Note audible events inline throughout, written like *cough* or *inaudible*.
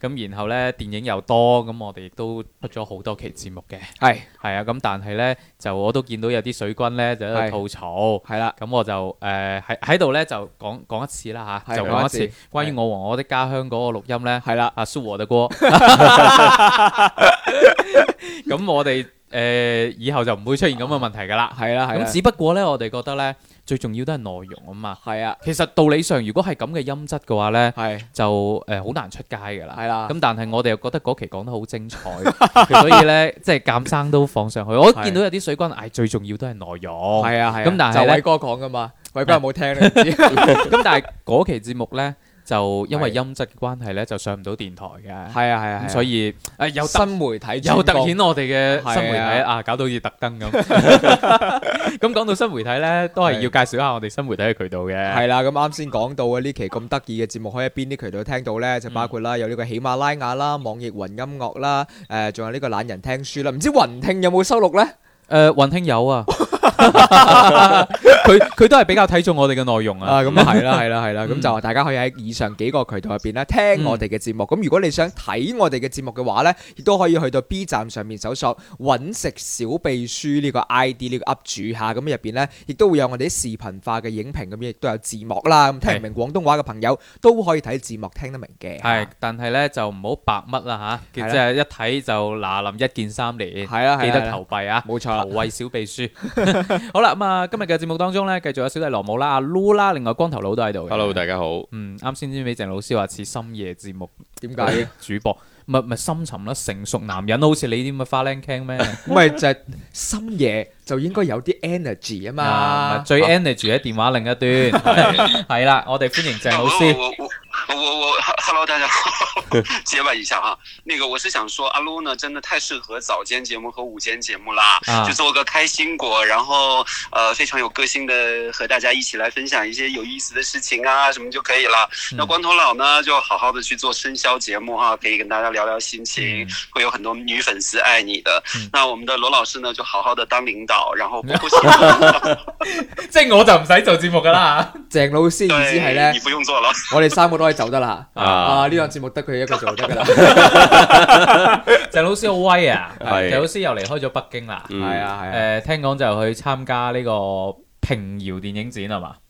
咁然後咧，電影又多，咁我哋亦都出咗好多期節目嘅。係係啊，咁但係咧，就我都見到有啲水軍咧，就喺度吐槽。係啦，咁我就誒喺喺度咧，就講講一次啦嚇，就講一次關於我和我的家鄉嗰個錄音咧。係啦，阿蘇和的歌。咁我哋誒以後就唔會出現咁嘅問題噶啦。係啦，咁只不過咧，我哋覺得咧。最重要都係內容啊嘛，係啊，其實道理上如果係咁嘅音質嘅話咧，係、啊、就誒好、呃、難出街㗎啦，係啦、啊。咁但係我哋又覺得嗰期講得好精彩， *laughs* 所以咧，即係減生都放上去。我見到有啲水軍，誒、哎、最重要都係內容，係啊係啊。咁、啊、但係咧，偉哥講㗎嘛，偉哥有冇聽你 *laughs* 知。咁但係嗰期節目咧。就因為音質嘅關係咧，就上唔到電台嘅。係啊係啊，啊啊所以誒、呃、有新媒體有突顯我哋嘅新媒體是啊，啊，搞到要特登咁。咁講 *laughs* *laughs* 到新媒體咧，都係要介紹下我哋新媒體嘅渠道嘅。係啦，咁啱先講到啊，呢期咁得意嘅節目可以喺邊啲渠道聽到咧？就包括啦，有呢個喜馬拉雅啦、網易雲音樂啦、誒、呃，仲有呢個懶人聽書啦。唔知雲聽有冇收錄咧？誒、呃，雲聽有啊。佢佢都係比較睇重我哋嘅內容啊，咁啊係啦，係啦，係啦，咁就大家可以喺以上幾個渠道入邊咧聽我哋嘅節目。咁、嗯、如果你想睇我哋嘅節目嘅話呢，亦都可以去到 B 站上面搜索揾食小秘書呢、這個 ID 呢個 up 主下，咁入邊呢，亦都會有我哋啲視頻化嘅影評咁，亦都有字幕啦。咁聽唔明廣東話嘅朋友都可以睇字幕聽得明嘅。係，但係呢，就唔好白乜啦吓，即係一睇就嗱臨一鍵三連，係啊，記得投幣啊，冇錯，投餵小秘書。呵呵呵 *laughs* 好啦，咁、嗯、啊，今日嘅節目當中咧，繼續有小弟羅姆啦、阿、啊、Lu 啦、啊，另外光頭佬都喺度。Hello，大家好。嗯，啱先先俾鄭老師話似深夜節目，點解 *laughs* 主播？咪係深沉啦，成熟男人好似你啲咁嘅花靚傾咩？唔係就係深夜就應該有啲 energy 嘛啊嘛，最 energy 喺電話另一端係啦。 *laughs* *laughs* 我哋歡迎鄭老師。 *laughs* 我我 h 哈嘍大家好，結巴一下啊，那個我是想說，阿露呢，真的太適合早間節目和午間節目啦，就做個開心果，然後，呃，非常有個性的和大家一起來分享一些有意思的事情啊，什麼就可以了。那光頭佬呢，就好好的去做生肖節目哈，可以跟大家聊聊心情，會有很多女粉絲愛你的。那我們的羅老師呢，就好好的當領導，然後哈哈哈，即係我就唔使做節目噶啦。鄭老師意思係咧，你唔用做咯。我哋三個都係。就得啦啊！呢個節目得佢一個做得噶啦， *laughs* *laughs* 鄭老師好威啊！是鄭老師又離開咗北京啦，係啊係啊，誒、啊呃、聽講就去參加呢個平遙電影展係嘛？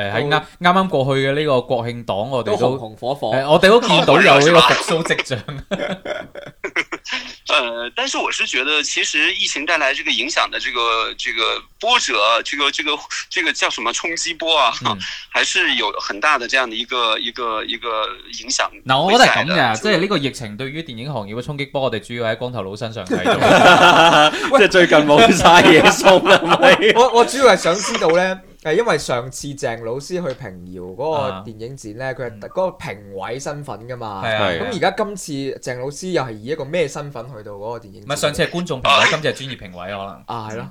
誒，喺啱啱啱過去嘅呢個國慶檔，我哋都，都紅紅火火。哎、我哋都見到有呢個復甦跡象。誒 *laughs* *laughs* 但是我是覺得，其實疫情帶來這個影響的這個這個波折，這個這個這個叫什麼衝擊波啊，嗯、還是有很大的這樣的一個一個一個影響。嗱、嗯，我覺得係咁嘅，即係呢個疫情對於電影行業嘅衝擊波，我哋主要喺光頭佬身上睇到。即係 *laughs* *laughs* 最近冇晒嘢送啦，我我主要係想知道咧。誒，因為上次鄭老師去平遙嗰個電影展咧，佢係嗰個評委身份㗎嘛。係啊。咁而家今次鄭老師又係以一個咩身份去到嗰個電影展？唔係上次係觀眾評委，今次係專業評委可能。啊，係咯。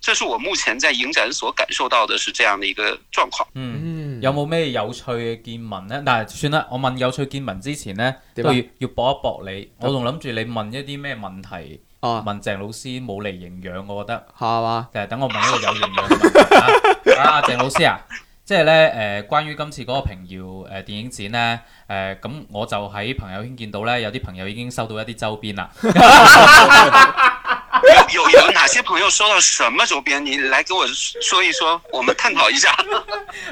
這是我目前在影展所感受到的是這樣的一個狀況。嗯，有冇咩有，有趣嘅見聞呢？嗱，算啦，我問有趣見聞之前呢，都要要搏一搏你。嗎我仲諗住你問一啲咩問題？啊、哦，問鄭老師冇嚟營養，我覺得係嘛？誒吧，等、嗯、我問一個有營養嘅問題啊，鄭、 *laughs* 啊、老師啊，即係咧誒，關於今次嗰個平遙誒、呃、電影展咧誒，咁、呃嗯、我就喺朋友圈見到咧，有啲朋友已經收到一啲周邊啦。 *laughs* *laughs* 有有哪些朋友收到什麼周邊？你來跟我說一說，我們探討一下。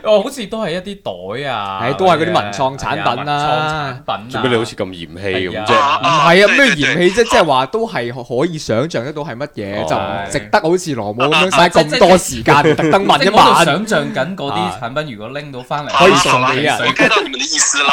哦，好似都係一啲袋啊，係都係嗰啲文創產品啦。啊，做咩你好似咁嫌棄咁啫？唔係啊，咩嫌棄啫？即係話都係可以想象得到係乜嘢，就唔值得好似羅姆咁樣花咁多時間特登問一問。我喺度想象緊嗰啲產品，如果拎到翻嚟可以送禮。聽到你們的意思啦。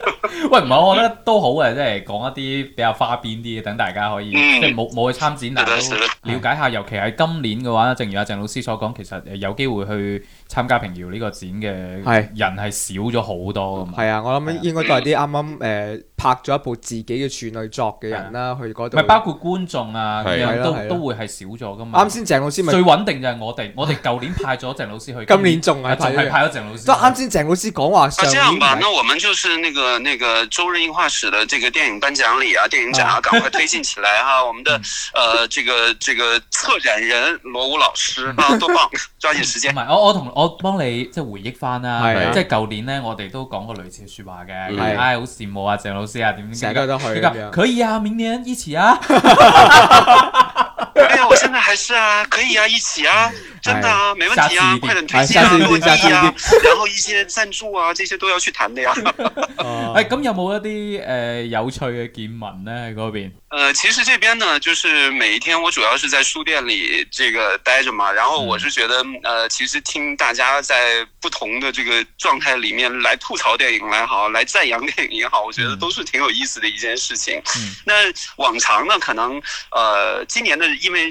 喂，唔係，我覺得都好嘅，即係講一啲比較花邊啲嘅，等大家可以即係冇冇去參展，但係都了解下。尤其喺今年嘅話，正如阿鄭老師所講，其實有機會去。參加平遙呢個展嘅人係少咗好多噶嘛？係啊，我諗應該都係啲啱啱誒拍咗一部自己嘅處女作嘅人啦，去嗰度。唔係包括觀眾啊，咁樣都都會係少咗噶嘛？啱先鄭老師最穩定就係我哋，我哋舊年派咗鄭老師去，今年仲係仲派咗鄭老師。啱先鄭老師講話。我幫你即係回憶翻啦，啊，的即係舊年呢，我哋都講過類似嘅説話嘅，唉的、哎，好羨慕啊，鄭老師啊，點點點，大家都可可以啊，明年一起啊。 *laughs* *laughs* *laughs* 我現在還是啊，可以啊，一起啊，真的啊，沒問題啊， *laughs* 快點推進啊，落 *laughs* 地啊，啊 *laughs* 然後一些贊助啊，這些都要去談的呀。 *laughs* uh, *laughs* 哎，咁有冇有一啲誒、呃、有趣嘅見聞呢？喺嗰邊？呃，其實這邊呢，就是每一天我主要是在書店裏這個待着嘛，然後我是覺得、嗯，呃，其實聽大家在不同的這個狀態裏面來吐槽電影也好，來讚揚電影也好，我覺得都是挺有意思的一件事情。嗯、那往常呢，可能呃，今年的因為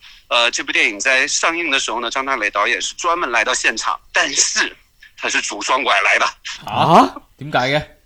呃，這部電影在上映的時候呢，張大磊導演是專門來到現場，但是他是拄雙拐來的啊。點解嘅？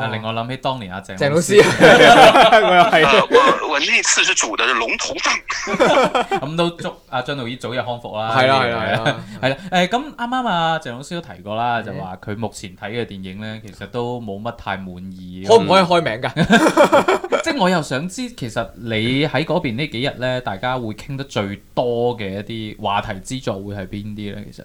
啊、令我諗起當年阿、啊、鄭鄭老師，我又係。我我呢次就煮嘅龍頭飯。咁都祝阿張導演早日康復啦！係啦係啦係啦。誒咁啱啱啊，鄭老師都提過啦，就話佢目前睇嘅電影咧，其實都冇乜太滿意。可唔可以開名㗎？即係我又想知，其實你喺嗰邊幾呢幾日咧，大家會傾得最多嘅一啲話題之助會係邊啲咧？其實？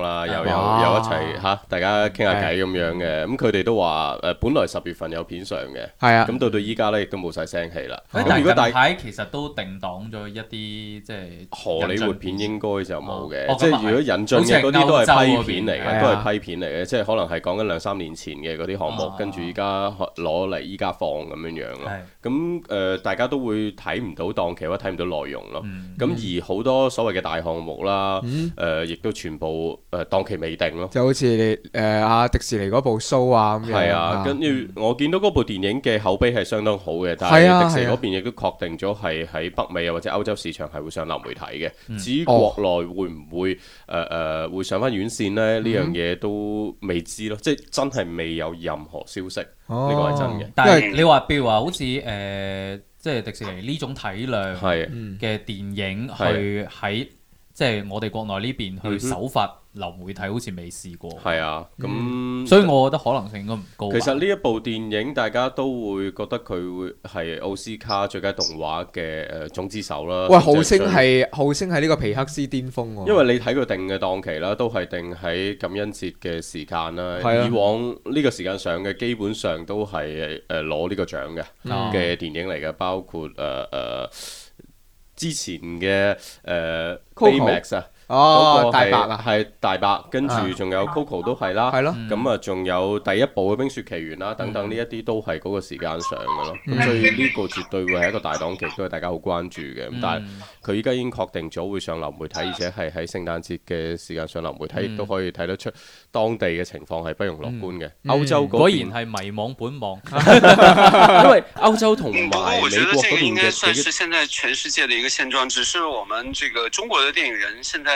啦，又有有一齊嚇，大家傾下偈咁樣嘅。咁佢哋都話誒，本來十月份有片上嘅，係啊。咁到到依家咧，亦都冇晒聲氣啦。咁如果大牌其實都定檔咗一啲，即係荷里活片應該就冇嘅。即係如果引進嘅嗰啲都係批片嚟嘅，都係批片嚟嘅。即係可能係講緊兩三年前嘅嗰啲項目，跟住依家攞嚟依家放咁樣樣咯。咁誒，大家都會睇唔到檔期或者睇唔到內容咯。咁而好多所謂嘅大項目啦，誒，亦都全部。誒，檔期未定咯，就好似你誒阿迪士尼嗰部 show 啊咁樣，係啊，啊跟住我見到嗰部電影嘅口碑係相當好嘅，但係迪士尼嗰邊亦都確定咗係喺北美啊或者歐洲市場係會上流媒體嘅。至於國內會唔會誒誒、呃呃、會上翻院線咧？呢、嗯、樣嘢都未知咯，即係真係未有任何消息，呢個係真嘅。但係你話，譬如話好似誒，即係迪士尼呢種體量嘅電影去喺。即係我哋國內呢邊去首發流媒體好似未試過。係啊，咁、嗯、所以我覺得可能性應該唔高。其實呢一部電影，大家都會覺得佢會係奧斯卡最佳動畫嘅誒總之首啦。喂，號稱係號稱係呢個皮克斯巔峯。因為你睇佢定嘅檔期啦，都係定喺感恩節嘅時間啦。係啊、以往呢個時間上嘅基本上都係誒攞呢個獎嘅嘅、哦、電影嚟嘅，包括誒誒。呃呃之前嘅誒，Max 啊。哦，大白啦、啊，係大白，跟住仲有 Coco 都係啦，係咯、嗯，咁啊仲有第一部嘅《冰雪奇緣》啦，等等呢一啲都係嗰個時間上嘅咯，咁、嗯、所以呢個絕對會係一個大檔期，都係大家好關注嘅。咁、嗯、但係佢依家已經確定咗會上流媒體，而且係喺聖誕節嘅時間上，上流媒體，都可以睇得出當地嘅情況係不容樂觀嘅。嗯、歐洲果然係迷惘本望， *laughs* *laughs* 因為歐洲同埋美國嗰邊嘅。不過、嗯，我覺得呢個應該算是現在全世界嘅一個現狀，只是我們這個中國嘅電影人現在。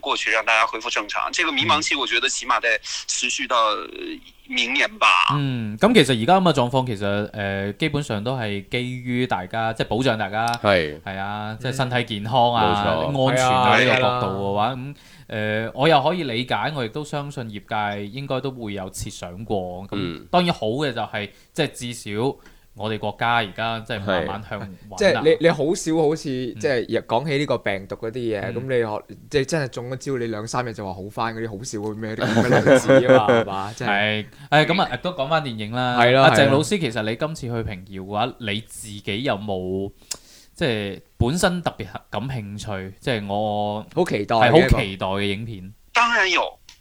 過去讓大家恢復正常，這個迷茫期我覺得起碼得持續到明年吧。嗯，咁其實而家咁嘅狀況，其實誒、呃、基本上都係基於大家即係保障大家係係是啊，即係身體健康啊、錯安全啊呢個角度嘅話，咁誒、啊啊嗯呃、我又可以理解，我亦都相信業界應該都會有設想過。咁、嗯嗯、當然好嘅就係、是、即係至少。我哋國家而家即係慢慢向，即係你你好少好似、嗯、即係講起呢個病毒嗰啲嘢，咁、嗯、你即係真係中咗招，你兩三日就話好翻嗰啲好少咩，啲，例子啊嘛，係嘛？係。誒咁啊，都講翻電影啦。係咯，阿、啊、鄭老師，其實你今次去平遙嘅話，你自己有冇即係本身特別感興趣？即、就、係、是、我好期待，好期待嘅影片。當然有。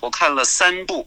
我看了三部。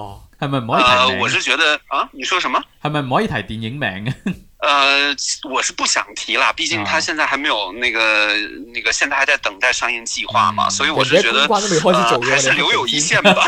哦，係咪唔可以提？啊，uh, 我是覺得啊，你說什麼？係咪唔可以提電影名啊？ *laughs* 呃，我是不想提啦，畢竟他現在還沒有那個那個，現在還在等待上映計劃嘛，所以我是覺得、嗯關關呃、還是留有一線吧，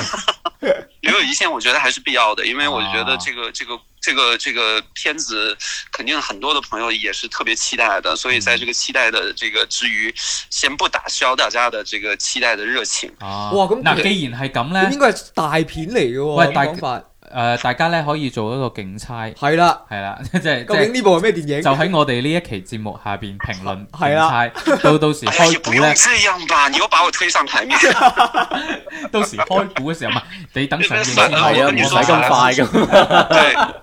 *laughs* 留有一線，我覺得還是必要的，因為我覺得這個這個這個、這個、這個片子肯定很多的朋友也是特別期待的，所以在這個期待的這個之餘，先不打消大家的這個期待的熱情啊。哇，咁那、啊、既然係咁咧，應該係大片嚟嘅喎，大方法。誒、呃，大家咧可以做一個競猜，係啦了，係啦 *laughs* 是，即係究竟呢部係咩電影？就喺我哋呢一期節目下邊評論競猜，對了 到到時開估咧。哎、不要這樣吧，你要把我推上台面。 *laughs* *laughs* 到時開估嘅時候，唔係 *laughs* 你等成件事係啊，唔使咁快噶。 *laughs* 對 *laughs*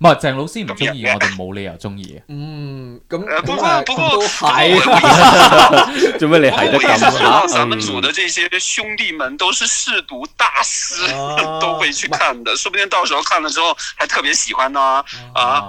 唔係，鄭老師唔中意，我哋冇理由中意。嗯，咁不過不過係。做咩你係得咁啊？嗯。三組的這些兄弟們都是試毒大師，都會去看的。說不定到時候看了之後，還特別喜歡呢。啊，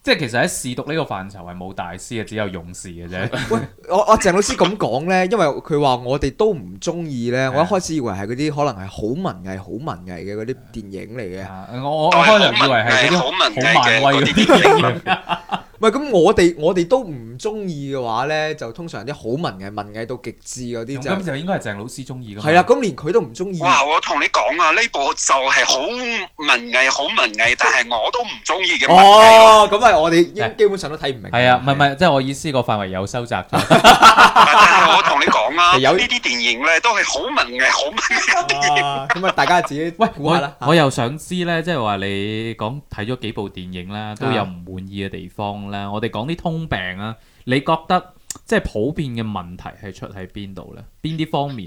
即係其實喺試毒呢個範疇係冇大師嘅，只有勇士嘅啫。喂，我我鄭老師咁講呢，因為佢話我哋都唔中意呢。我一開始以為係嗰啲可能係好文藝、好文藝嘅嗰啲電影嚟嘅。我我開頭以為係嗰啲好文。好漫威嗰啲嘢唔係咁，我哋我哋都唔中意嘅話咧，就通常啲好文藝，文藝到極致嗰啲就應該係鄭老師中意㗎嘛。係啦，咁連佢都唔中意。哇！我同你講啊，呢部就係好文藝，好文藝，但係我都唔中意嘅文藝。哦，咁係我哋基本上都睇唔明。係啊，唔係，唔係，即係我意思，個範圍有收窄。但係我同你講啊，有呢啲電影咧都係好文藝，好文藝嘅電影。咁啊，大家自己喂，我我又想知咧，即係話你講睇咗幾部電影啦，都有唔滿意嘅地方。我哋講啲通病啊，你覺得即係普遍嘅問題係出喺邊度咧？邊啲方面？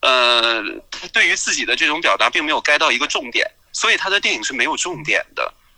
呃，他對於自己的這種表達，並沒有該到一個重點，所以他的電影是沒有重點的。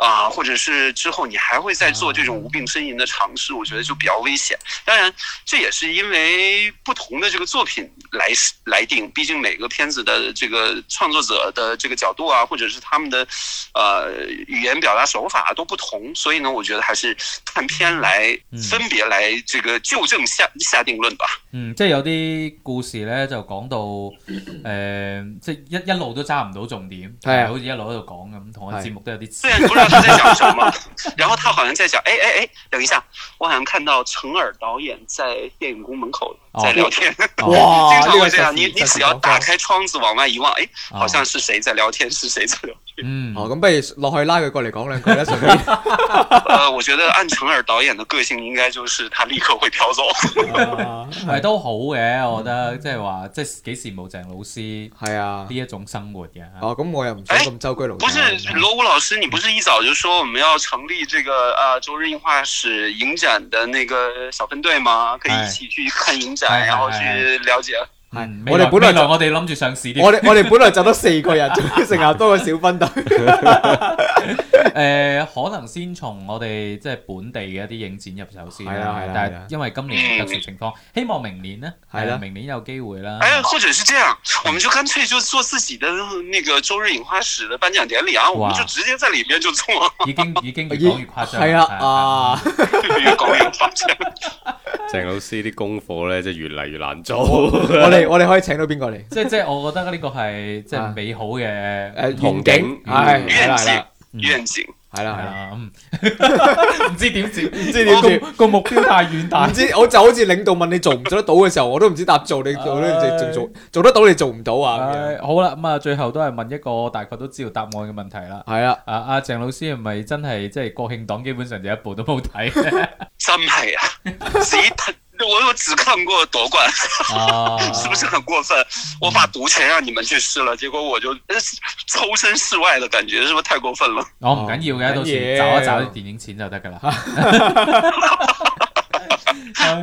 啊，或者是之後你還會再做這種無病呻吟的嘗試，啊，我覺得就比較危險。當然，這也是因為不同的這個作品來來定，畢竟每個片子的這個創作者的這個角度啊，或者是他們的呃語言表達手法都不同，所以呢，我覺得還是看片來分別來這個就正下下定論吧。嗯，即係有啲故事呢，就講到誒、呃，即係一一路都揸唔到重點，係 *laughs* 好似一路喺度講咁，同一節目 *laughs* 對都有啲。 *laughs* 他在講什麼？然後他好像在講，誒誒誒，等一下，我好像看到程耳導演在電影宮門口。在聊天、哦、哇，就會這樣。這個就是、你你只要打開窗子往外一望、哦，哎，好像是誰在聊天，是誰在聊天？嗯，哦，咁不如落去拉佢過嚟講兩句啦，順便。 *laughs* 呃，我覺得按程耳導演的個性，應該就是他立刻會飄走。係、呃、 *laughs* 都好嘅，我覺得即係話，即幾羨慕鄭老師係啊呢一種生活嘅。哦，咁我又唔使咁周居老師。不是羅武老師，你不是一早就說我們要成立這個、嗯、啊周日映畫史影展的那個小分隊嗎？可以一起去看影展。展、哎係，就我去了解。係，我哋本來我哋諗住上市啲。我哋我哋本來就得四個人，仲要成日多個小分隊。 *laughs* *laughs* 誒，可能先從我哋即係本地嘅一啲影展入手先係啊，但係因為今年特殊情況，希望明年呢，係啦，明年有機會啦。誒，或者是這樣，我們就乾脆就做自己嘅那個周日影花史的頒獎典禮啊，我們就直接在裏面就做。已經已經越講越誇張，係啊，啊。越講越誇張。鄭老師啲功課咧，就越嚟越難做。我哋我哋可以請到邊個嚟？即即係我覺得呢個係即係美好嘅誒憧憬，係啦。遠線係啦，係啦，唔知點接，唔知點接，個目標太遠大，唔知我就好似領導問你做唔做得到嘅時候，我都唔知答做你做做得到你做唔到啊！好啦，咁啊，最後都係問一個大概都知道答案嘅問題啦。係啊，阿阿鄭老師係咪真係即係國慶檔基本上就一部都冇睇？真係啊！我有只看過奪冠，哦， *laughs* 是不是很過分？我把毒錢讓你們去試了，嗯，結果我就抽身事外的感覺，是不是太過分了？哦，唔緊要嘅，到時找一找啲電影錢就得㗎喇。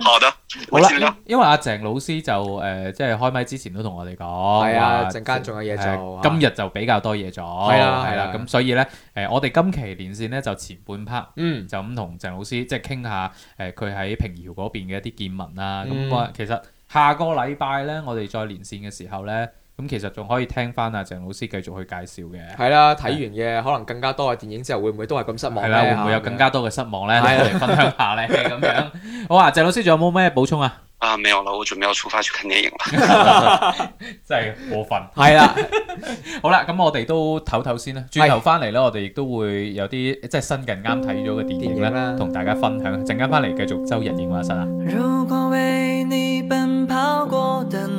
好的，好啦，因為阿鄭老師就誒，即係開麥之前都同我哋講，係啊，陣間仲有嘢做，今日就比較多嘢做，係啦，係啦，咁所以咧，誒，我哋今期連線咧就前半 part，嗯，就咁同鄭老師即係傾下，誒，佢喺平遙嗰邊嘅一啲見聞啦。咁啊，其實下個禮拜咧，我哋再連線嘅時候咧。咁其實仲可以聽翻阿鄭老師繼續去介紹嘅。係啦，睇完嘅可能更加多嘅電影之後，會唔會都係咁失望？係啦，會唔會有更加多嘅失望咧？ *laughs* 分享下咧，咁 *laughs* 樣。好、哦、啊，鄭老師仲有冇咩補充啊？ *laughs* 啊，沒有啦，我準備要出發去看電影啦。 *laughs* 真係過分。係啦。好啦，咁我哋都唞唞先啦。轉頭翻嚟咧，我哋亦都會有啲即係新近啱睇咗嘅電影啦，同大家分享。陣間翻嚟繼續周日影話室啊。 *music* *music*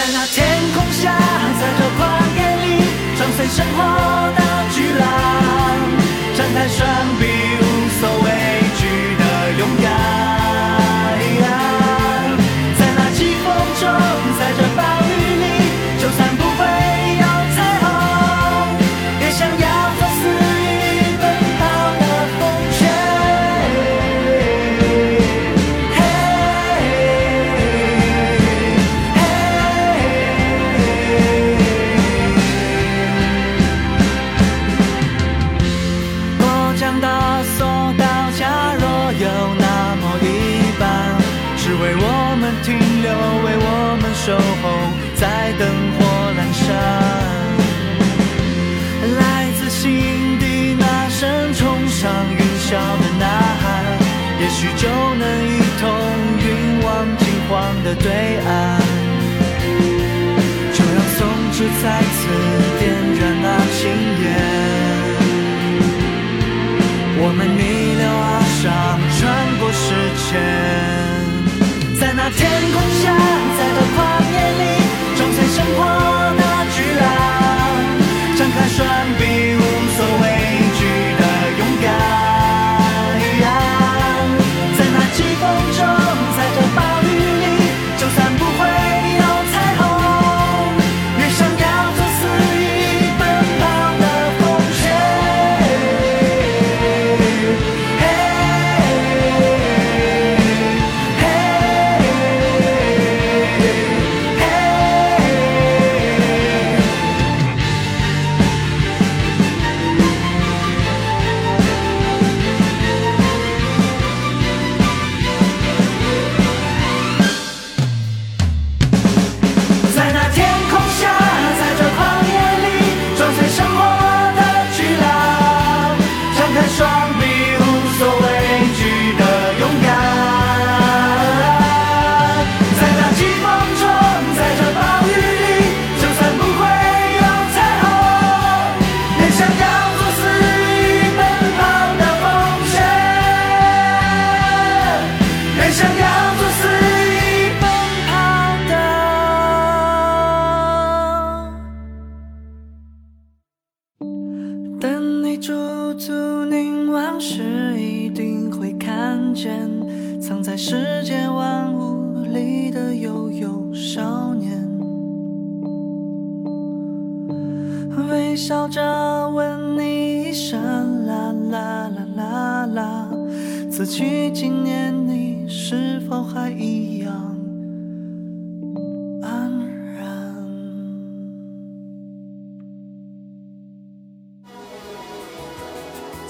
在那天空下，在這曠野裏，撞碎生活的巨浪，張開雙。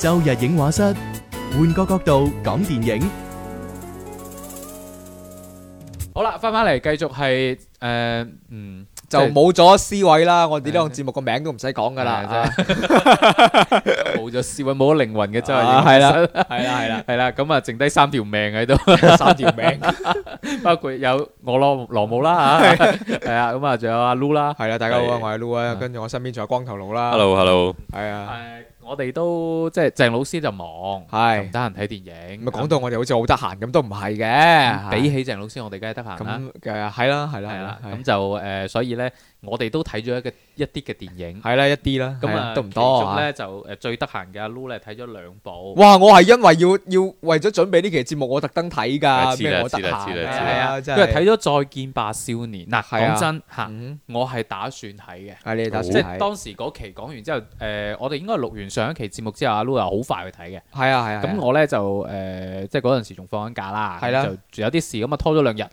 周日影畫室，換個角度講電影。好啦，翻翻嚟繼續係誒，嗯，就冇咗思維啦。我哋呢個節目個名都唔使講噶啦，冇咗思維，冇咗靈魂嘅真係，係啦，係啦，係啦，係啦。咁啊，剩低三條命喺度，三條命，包括有我囉羅姆啦，吓係啊。咁啊，仲有阿 Lu 啦，係啦。大家好啊，我係 Lu 啊。跟住我身邊仲有光頭佬啦。Hello，Hello，係啊。我哋都即係鄭老師就忙，係唔得閒睇電影。咪講到我哋好似好得閒咁，嗯、都唔係嘅。的比起鄭老師，我哋梗係得閒啦。係啦，係啦，係啦。咁就誒、呃，所以咧。我哋都睇咗一嘅一啲嘅電影，係啦一啲啦，咁啊都唔多。仲咧就誒最得閒嘅阿 Lu 咧睇咗兩部。哇！我係因為要要為咗準備呢期節目，我特登睇噶，咩我得閒，係啊，因為睇咗《再見吧少年》嗱，講真吓，我係打算睇嘅，係你打算睇。即係當時嗰期講完之後，誒，我哋應該係錄完上一期節目之後，阿 Lu 又好快去睇嘅。係啊係。咁我咧就誒，即係嗰陣時仲放緊假啦，係啦，仲有啲事咁啊，拖咗兩日。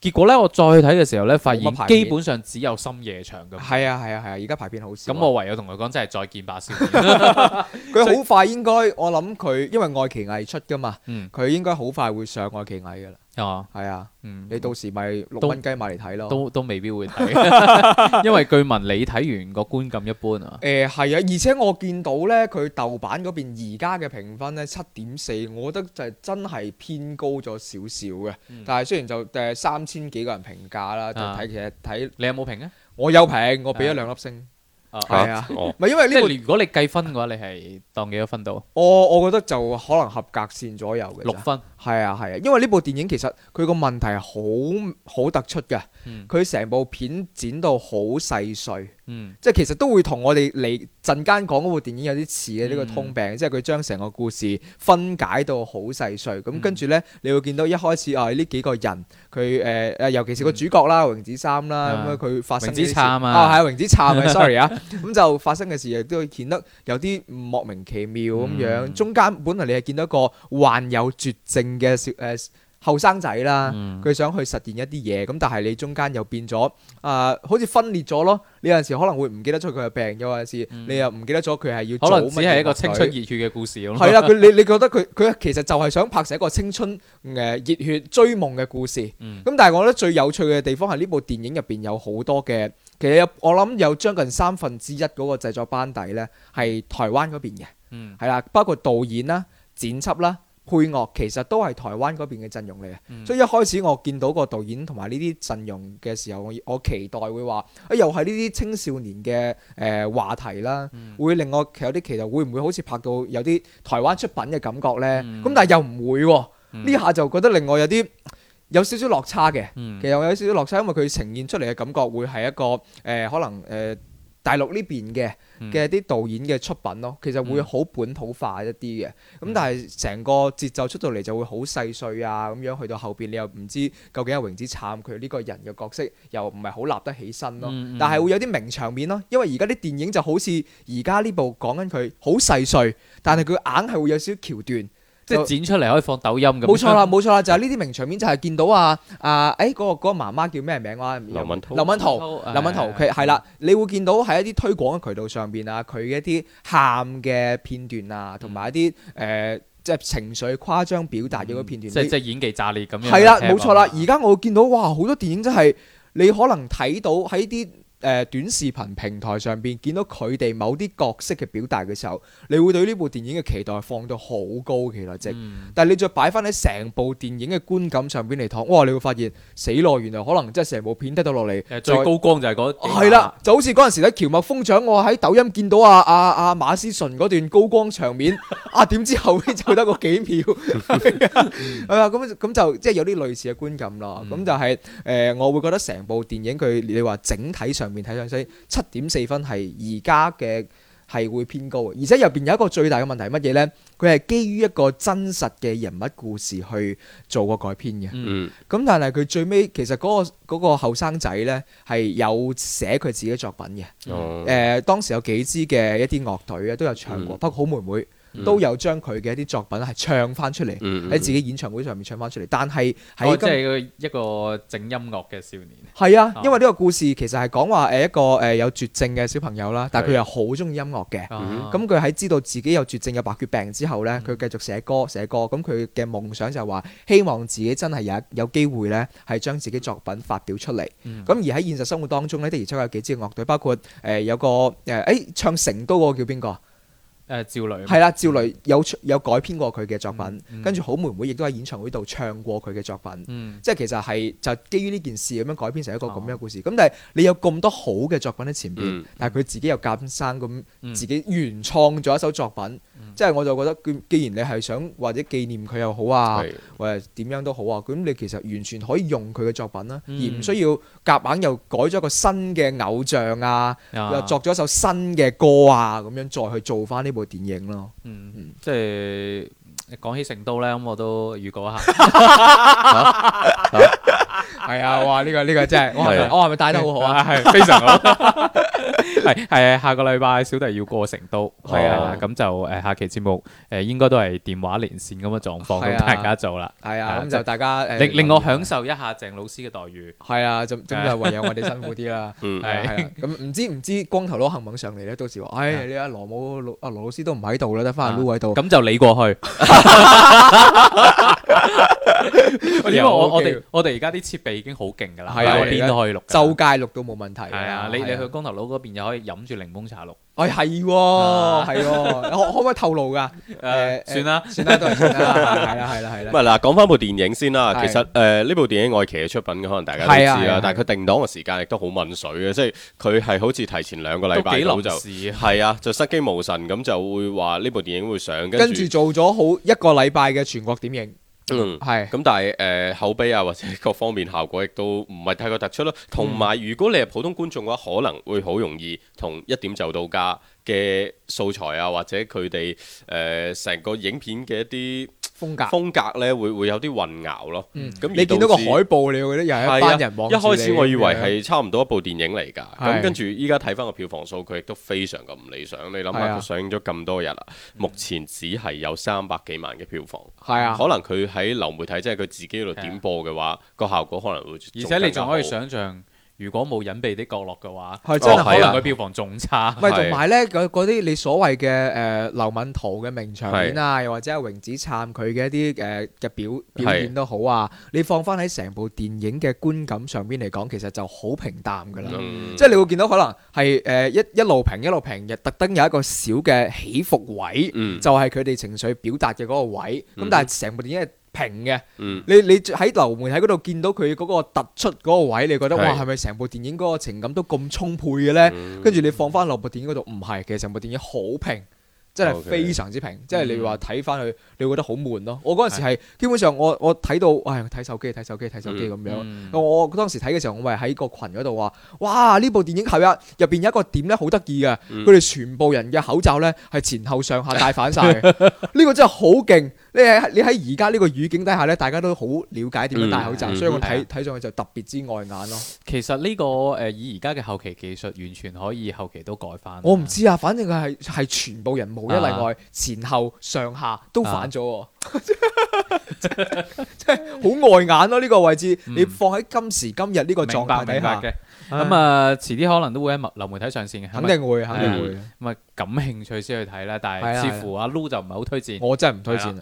結果咧，我再去睇嘅時候咧，發現基本上只有深夜場咁。係啊係啊係啊！而家、啊啊、排片好少。咁我唯有同佢講，真係再見吧先。佢好快應該，我諗佢因為愛奇藝出噶嘛，佢應該好快會上愛奇藝噶啦。係啊，你到時咪六蚊雞買嚟睇咯，都都未必會睇，因為據聞你睇完個觀感一般啊。誒係啊，而且我見到咧，佢豆瓣嗰邊而家嘅評分咧七點四，我覺得就真係偏高咗少少嘅。但係雖然就誒三千幾個人評價啦，就睇其實睇你有冇評啊？我有評，我俾咗兩粒星。啊係啊，唔係，因為呢個，如果你計分嘅話，你係當幾多分到？我我覺得就可能合格線左右嘅。六分。係啊，係啊，因為呢部電影其實佢個問題係好好突出嘅，佢成部片剪到好細碎，即係其實都會同我哋嚟陣間講嗰部電影有啲似嘅呢個通病，即係佢將成個故事分解到好細碎。咁跟住咧，你會見到一開始啊呢幾個人，佢誒誒，尤其是個主角啦，榮子三啦，咁樣佢發生啲事啊，係榮子三啊，sorry 啊，咁就發生嘅事亦都顯得有啲莫名其妙咁樣。中間本嚟你係見到一個患有絕症嘅小誒後生仔啦，佢想去實現一啲嘢，咁但係你中間又變咗啊，好似分裂咗咯。你有陣時可能會唔記得咗佢嘅病，有陣時你又唔記得咗佢係要做咩。可能只係一個青春熱血嘅故事咯。係啦，佢你你覺得佢佢其實就係想拍成一個青春誒熱血追夢嘅故事。咁但係我覺得最有趣嘅地方係呢部電影入邊有好多嘅，其實我諗有將近三分之一嗰個製作班底咧係台灣嗰邊嘅，係啦，包括導演啦、剪輯啦。配樂其實都係台灣嗰邊嘅陣容嚟嘅，嗯、所以一開始我見到個導演同埋呢啲陣容嘅時候，我我期待會話，啊又係呢啲青少年嘅誒、呃、話題啦，嗯、會令我其有啲期待會唔會好似拍到有啲台灣出品嘅感覺呢？咁、嗯、但係又唔會喎、啊，呢、嗯、下就覺得另外有啲有少少落差嘅，嗯、其實我有少少落差，因為佢呈現出嚟嘅感覺會係一個誒、呃、可能誒。呃呃大陸呢邊嘅嘅啲導演嘅出品咯，其實會好本土化一啲嘅，咁、嗯、但係成個節奏出到嚟就會好細碎啊，咁樣去到後邊你又唔知究竟阿榮子慘佢呢個人嘅角色又唔係好立得起身咯，但係會有啲名場面咯，因為而家啲電影就好似而家呢部講緊佢好細碎，但係佢硬係會有少少橋段。即係剪出嚟可以放抖音咁。冇錯啦，冇錯啦，就係呢啲名場面就係見到啊、呃哎那個那個、啊！誒，嗰個嗰個媽媽叫咩名啊？劉敏。劉敏濤。劉敏濤，佢係啦，你會見到喺一啲推廣嘅渠道上邊啊，佢嘅一啲喊嘅片段啊，同埋一啲誒即係情緒誇張表達嘅嗰片段。呃就是、即係即係演技炸裂咁樣。係啦的，冇錯啦。而家、嗯、我會見到哇，好多電影真係你可能睇到喺啲。誒，短視頻平台上邊見到佢哋某啲角色嘅表達嘅時候，你會對呢部電影嘅期待放到好高其實，但係你再擺翻喺成部電影嘅觀感上邊嚟睇，哇，你會發現死落原來可能即係成部片睇到落嚟，最高光就係嗰係啦，就好似嗰陣時咧《蕎麥瘋長》，我喺抖音見到阿阿阿馬思純嗰段高光場面，啊，點知後尾就得個幾秒，係啊，咁咁就即係有啲類似嘅觀感啦。咁就係誒，我會覺得成部電影佢你話整體上。面睇上，所以七點四分係而家嘅，係會偏高嘅，而且入邊有一個最大嘅問題係乜嘢咧？佢係基於一個真實嘅人物故事去做個改編嘅。嗯，咁但係佢最尾其實嗰個嗰個後生仔咧係有寫佢自己作品嘅。誒、嗯呃、當時有幾支嘅一啲樂隊啊都有唱過，不過、嗯、好妹妹。都有將佢嘅一啲作品係唱翻出嚟，喺、嗯嗯嗯、自己演唱會上面唱翻出嚟。但係喺即係一個整音樂嘅少年係啊，啊因為呢個故事其實係講話誒一個誒有絕症嘅小朋友啦，是但係佢又好中意音樂嘅。咁佢喺知道自己有絕症有白血病之後呢，佢繼續寫歌寫歌。咁佢嘅夢想就係話希望自己真係有有機會呢係將自己作品發表出嚟。咁、嗯、而喺現實生活當中呢，的而且確有幾支樂隊，包括誒、呃、有個誒誒、欸、唱成都嗰個叫邊個？誒趙、呃、雷係啦，趙、嗯、雷有有改編過佢嘅作品，跟住、嗯、好妹妹亦都喺演唱會度唱過佢嘅作品，嗯、即係其實係就基於呢件事咁樣改編成一個咁樣嘅故事。咁、哦、但係你有咁多好嘅作品喺前邊，嗯、但係佢自己又夾生咁自己原創咗一首作品，嗯、即係我就覺得，既既然你係想或者紀念佢又好啊，嗯、或者點樣都好啊，咁你其實完全可以用佢嘅作品啦、啊，嗯、而唔需要夾硬又改咗一個新嘅偶像啊，又作咗一首新嘅歌啊，咁樣再去做翻呢部電影咯，嗯，即係講起成都咧，咁我都預告一下，係啊，哇，呢個呢個真係，我係咪帶得好好啊？係非常好。係係，下個禮拜小弟要過成都，係啊，咁就誒，下期節目誒應該都係電話連線咁嘅狀況，咁大家做啦，係啊，咁就大家誒令令我享受一下鄭老師嘅待遇，係啊，總總就唯有我哋辛苦啲啦，係啊，咁唔知唔知光頭佬肯唔肯上嚟咧？到時話，哎，你阿羅武老阿羅老師都唔喺度啦，得翻阿 Lui 喺度，咁就你過去，因為我我哋我哋而家啲設備已經好勁噶啦，係啊，邊都可以錄，周街錄都冇問題，係啊，你你去光頭佬嗰。邊又可以飲住檸檬茶綠？哎係，係 *laughs* 可可唔可以透露噶誒，算啦，算啦，都係算啦，係啦，係啦，係啦。唔係嗱，講翻部電影先啦。的其實誒，呢、呃、部電影愛奇藝嘅出品可能大家都知啊，但係佢定檔嘅時間亦都好問水啊。即係佢係好似提前兩個禮拜幾臨時。係啊的，就失驚無神咁就會話呢部電影會上，跟住做咗好一個禮拜嘅全國點映。嗯，係是，咁、嗯、但係誒、呃、口碑啊，或者各方面效果亦都唔係太過突出咯、啊。同埋、嗯、如果你係普通觀眾嘅話，可能會好容易同一點就到家嘅素材啊，或者佢哋誒成個影片嘅一啲。風格風格咧，會會有啲混淆咯。咁、嗯、你見到個海報，你會覺得又一班人望、啊。一開始我以為係差唔多一部電影嚟㗎。咁、啊、跟住依家睇翻個票房數據亦都非常咁唔理想。你諗下，佢上映咗咁多日啦，啊、目前只係有三百幾萬嘅票房。係啊，可能佢喺流媒體即係佢自己喺度點播嘅話，個、啊、效果可能會。而且你仲可以想象。如果冇隱秘啲角落嘅話，係真係、哦啊、可能佢票房仲差。唔同埋咧嗰啲你所謂嘅誒、呃、劉敏濤嘅名場面啊，是又或者阿榮子杉佢嘅一啲誒嘅表表演都好啊，是你放翻喺成部電影嘅觀感上邊嚟講，其實就好平淡噶啦。即係、嗯、你會見到可能係誒、呃、一一路平一路平，日特登有一個小嘅起伏位，嗯、就係佢哋情緒表達嘅嗰個位。咁但係成部電影。平嘅，你你喺樓門喺嗰度見到佢嗰個突出嗰個位，你覺得哇，係咪成部電影嗰個情感都咁充沛嘅呢？跟住你放翻落部電影嗰度，唔係，其實成部電影好平，真係非常之平。即係你話睇翻去，你會覺得好悶咯。我嗰陣時係基本上，我我睇到，哎，睇手機，睇手機，睇手機咁樣。我我當時睇嘅時候，我咪喺個群嗰度話，哇，呢部電影係啊，入邊有一個點咧，好得意嘅，佢哋全部人嘅口罩呢，係前後上下戴反晒，呢個真係好勁。你喺而家呢個語境底下咧，大家都好了解點樣戴口罩，嗯嗯、所以我睇睇的上去就特別之礙眼咯。其實呢個誒以而家嘅後期技術，完全可以後期都改翻。我唔知啊，反正佢係係全部人無一例外，啊、前後上下都反咗喎。啊即係好外眼咯，呢個位置你放喺今時今日呢個狀態底下嘅。咁啊，遲啲可能都會喺流媒體上線嘅，肯定會，肯定會，咁啊，感興趣先去睇啦。但係似乎阿 Lu 就唔係好推薦，我真係唔推薦。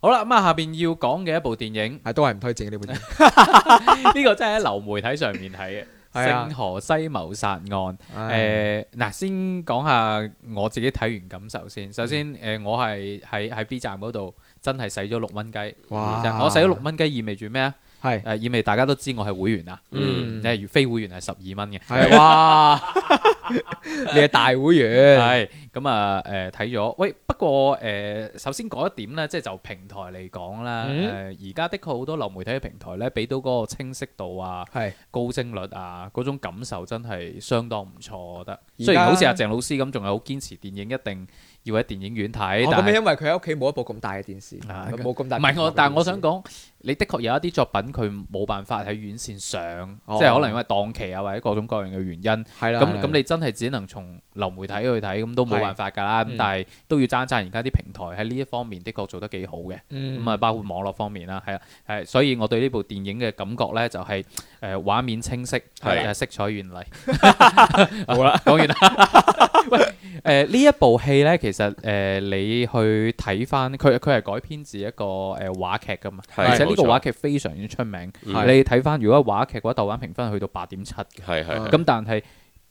好啦，咁啊，下邊要講嘅一部電影係都係唔推薦呢部電影，呢個真係喺流媒體上面睇嘅《聖何塞謀殺案》。誒，嗱，先講下我自己睇完感受先。首先，誒，我係喺喺 B 站嗰度。真係使咗六蚊雞，我使咗六蚊雞，意味住咩啊？係誒是、呃，意味大家都知我係會員啦。嗯，誒、嗯，非會員係十二蚊嘅。係哇， *laughs* *laughs* 你係大會員。係咁啊，誒，睇、呃、咗。喂，不過誒、呃，首先嗰一點咧，即係就是、平台嚟講啦，誒、嗯，而家、呃、的確好多流媒體嘅平台咧，俾到嗰個清晰度啊，係是高精率啊，嗰種感受真係相當唔錯，我覺得。在雖然好似阿鄭老師咁，仲係好堅持電影一定，要喺電影院睇，但係因為佢喺屋企冇一部咁大嘅電視，冇咁大。唔係我，但係我想講，你的確有一啲作品佢冇辦法喺院線上，即係可能因為檔期啊或者各種各樣嘅原因。係啦，咁咁你真係只能從流媒體去睇，咁都冇辦法㗎啦。咁但係都要爭爭而家啲平台喺呢一方面的確做得幾好嘅，咁啊包括網絡方面啦，係啊，係。所以我對呢部電影嘅感覺咧就係誒，畫面清晰，係色彩原麗，好啦，講完啦。誒呢、呃、一部戲咧，其實誒、呃、你去睇翻，佢佢係改編自一個誒、呃、話劇噶嘛，而且呢個話劇非常之出名。嗯、你睇翻，如果話劇嘅話，嗰個、豆瓣評分去到八點七嘅，係係。咁但係，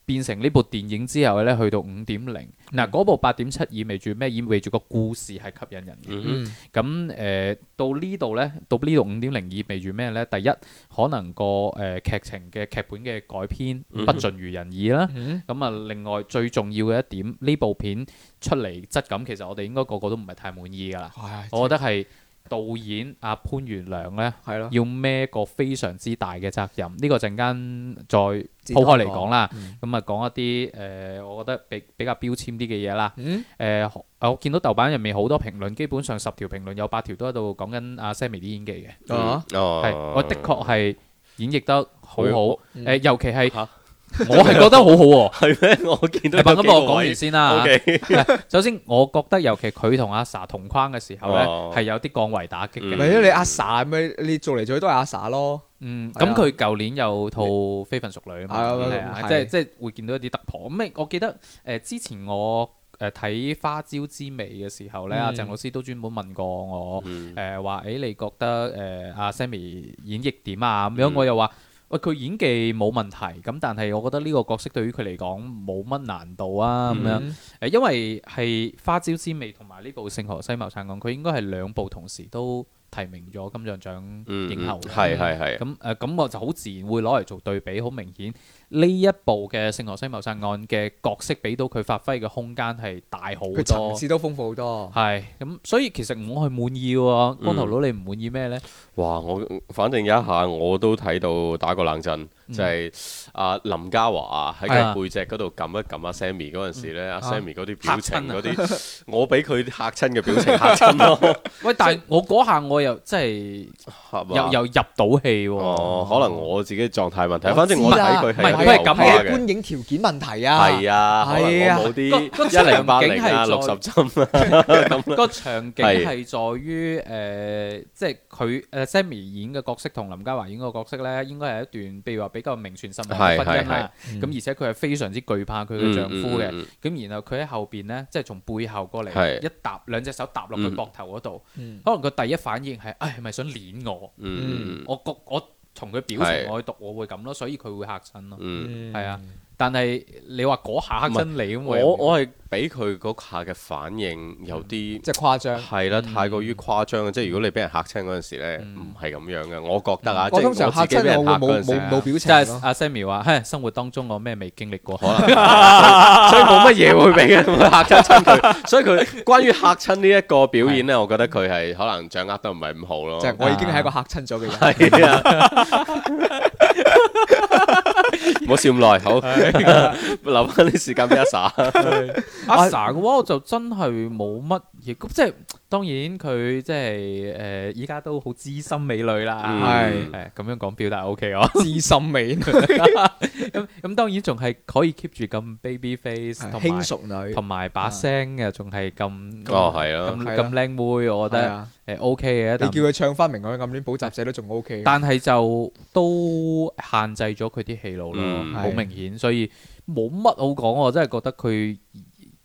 變成呢部電影之後咧，去到五點零，嗱、啊、嗰部八點七，意味住咩？意味住個故事係吸引人嘅。咁誒、嗯呃、到呢度呢，到呢度五點零，意味住咩呢？第一，可能個誒、呃、劇情嘅劇本嘅改編不盡如人意啦。咁啊、嗯，嗯、另外最重要嘅一點，呢部片出嚟質感，其實我哋應該個個都唔係太滿意㗎喇。唉我覺得係。導演阿、啊、潘元良咧，的要孭個非常之大嘅責任，呢、這個陣間再鋪到開嚟講啦。咁啊、嗯，講一啲誒、呃，我覺得比比較標籤啲嘅嘢啦。誒、嗯呃，我見到豆瓣入面好多評論，基本上十條評論有八條都喺度講緊阿 Sammy 啲演技嘅。哦、嗯啊，我的確係演繹得好好。誒，嗯、尤其係。我係覺得好好喎，係咩？我見到，問咁我講完先啦。首先，我覺得尤其佢同阿 Sa 同框嘅時候咧，係有啲降維打擊嘅。咪咗你阿 Sa 咪你做嚟做去都係阿 Sa 咯。嗯，咁佢舊年有套非分熟女啊嘛，係啊，即係即係會見到一啲突破。咁我記得誒之前我誒睇花椒之味嘅時候咧，阿鄭老師都專門問過我誒話：誒你覺得誒阿 Sammy 演繹點啊？咁樣我又話。喂，佢演技冇問題，咁但係我覺得呢個角色對於佢嚟講冇乜難度啊，咁、mm hmm. 樣誒，因為係花椒之味同埋呢部《聖何塞謀殺案》，佢應該係兩部同時都提名咗金像獎影后，係係係，咁、hmm. 誒樣，咁我就好自然會攞嚟做對比，好明顯。呢一部嘅《聖荷西謀殺案》嘅角色俾到佢發揮嘅空間係大好多，佢層次都豐富好多。係咁，所以其實我係滿意喎。光頭佬，你唔滿意咩咧？哇、嗯！我反正有一下我都睇到打個冷震，就係、是、阿、啊、林嘉華喺佢背脊嗰度撳一撳阿、嗯啊啊、Sammy 嗰陣時咧，阿 Sammy 嗰啲表情嗰啲，污啊、 *laughs* 我俾佢嚇親嘅表情嚇親咯。哈哈哈哈喂，但係我嗰下我又真係又又入到戲喎、啊。哦嗯、可能我自己狀態問題，反正我睇佢係。佢係咁嘅觀影條件問題啊！係啊，係啊，好啲。個場景係在六十針。咁個場景係在於誒，即係佢誒 Sammy 演嘅角色同林嘉華演個角色咧，應該係一段譬如話比較名存實亡嘅婚姻啦。咁而且佢係非常之懼怕佢嘅丈夫嘅。咁然後佢喺後邊咧，即係從背後過嚟，一搭兩隻手搭落佢膊頭嗰度。可能佢第一反應係：哎，係咪想攆我？嗯，我覺我。從佢表情我去讀，是我會咁咯，所以佢會嚇親咯，係啊。嗯。但係你話嗰下嚇親你，我我係俾佢嗰下嘅反應有啲即係誇張，係啦，太過於誇張。即係如果你俾人嚇親嗰陣時咧，唔係咁樣嘅。我覺得啊，即係我嚇親我冇冇表情。即係阿 Sammy 話：生活當中我咩未經歷過，可能，所以冇乜嘢會俾人嚇親親佢。所以佢關於嚇親呢一個表演咧，我覺得佢係可能掌握得唔係咁好咯。即係我已經係一個嚇親咗嘅人。係啊。唔好笑咁耐，好 *laughs* 的 *laughs* 留翻啲時間俾阿 sa。阿 sa 嘅話，我就真係冇乜嘢，咁即係。當然佢即係誒，依家都好資深美女啦，係係咁樣講，表達 O K 哦。資深美女咁咁，當然仲係可以 keep 住咁 baby face，輕熟女同埋把聲嘅仲係咁，哦係咯，咁咁靚妹，我覺得誒 O K 嘅。你叫佢唱翻明愛暗戀補習社都仲 O K，但係就都限制咗佢啲戲路咯，好明顯，所以冇乜好講，我真係覺得佢。